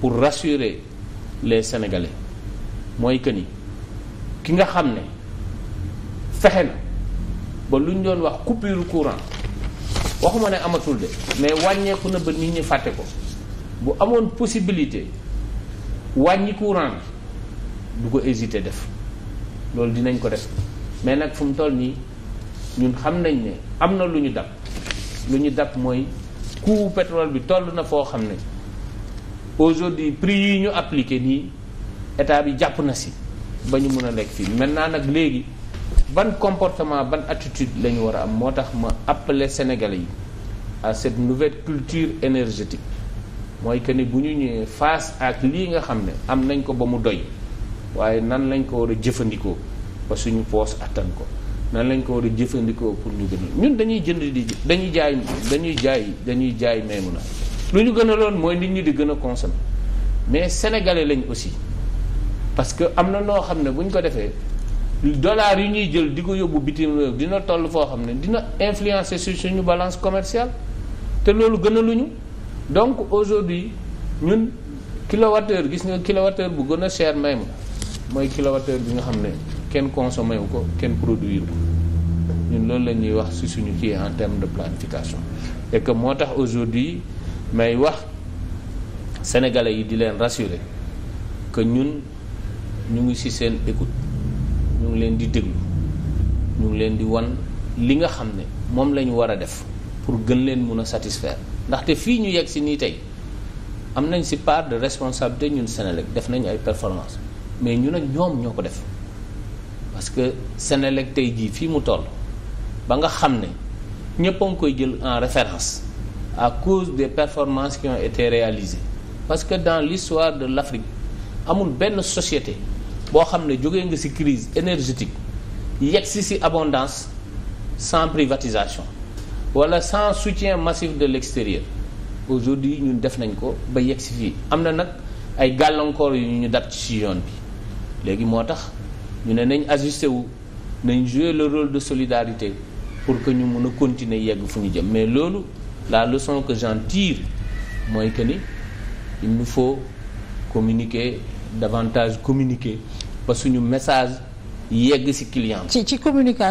pour rassurer les Sénégalais mooy que ni ki nga xam ne fexe na ba lu ñu doon wax coupure courant waxuma ne amatul de mais wàññeeku na ba nit ñi fàtte ko bu amoon possibilité wàññi courant bi du ko hésiter def loolu dinañ ko def mais nag fu mu toll nii ñun xam nañ ne am na lu ñu dab lu ñu dab mooy coût pétrole bi toll na foo xam ne. aujourd'hui prix yi ñu appliqué nii état bi jàpp na si ba ñu mën a lekk fii maintenant nag léegi ban comportement ban attitude la ñu war a am moo tax ma appeler Sénégalais yi à cette nouvelle culture énergétique mooy que ni bu ñu ñëwee face ak lii nga xam ne am nañ ko ba mu doy waaye nan lañ ko war a jëfandikoo ba suñu poos attan ko nan lañ ko war a jëfandikoo pour ñu gën a ñun dañuy jënd di dañuy jaay dañuy jaay dañuy jaay meemu na lu ñu gën a loon mooy nit ñu di gën a consommer mais sénégalais lañ aussi parce que am na noo xam ne bu ñu ko defee dollars yi ñuy jël di ko yóbbu bitim réew dina toll foo xam ne dina influencer sur suñu balance commerciale te loolu gën a lu ñu donc aujourd'hui ñun kilowattheure gis nga kilowattheure bu gën a may même mooy kilowattheure bi nga xam ne kenn consommé wu ko kenn produire ko ñun loolu la ñuy wax ci suñu kii en termes de planification et moo tax aujourd'hui may wax sénégalais yi di leen rassurer que ñun ñu ngi ci seen écoute ñu ngi leen di déglu ñu ngi leen di wan li nga xam ne moom la ñu war a def pour gën leen mun a satisfaire ndaxte fii ñu yegg ci nii tey am nañ ci part de responsabilité ñun Sénélec def nañ ay performance mais ñu ak ñoom ñoo ko def parce que Sénélec tey jii fii mu toll ba nga xam ne ñëpp a koy jël en référence à cause des performances qui ont été réalisées parce que dans l'histoire de l'Afrique amul benn société boo xam ne jógee nga ci crise énergétique yegg si ci abondance sans privatisation walla sans soutien massif de l'extérieur aujourd'hui ñun def nañ ko ba yegg si fii am na nag ay gàllankoor yu ñu dat ci yoon bi léegi moo tax ñu ne nañ ajusté wu nañ jouer le rôle de solidarité pour que ñu mun a continuer yegg fu ñu jëm mais loolu la leçon que j'en tire mooy que ni il nous faut communiquer davantage communiquer ba suñu message yegg ci client ci communication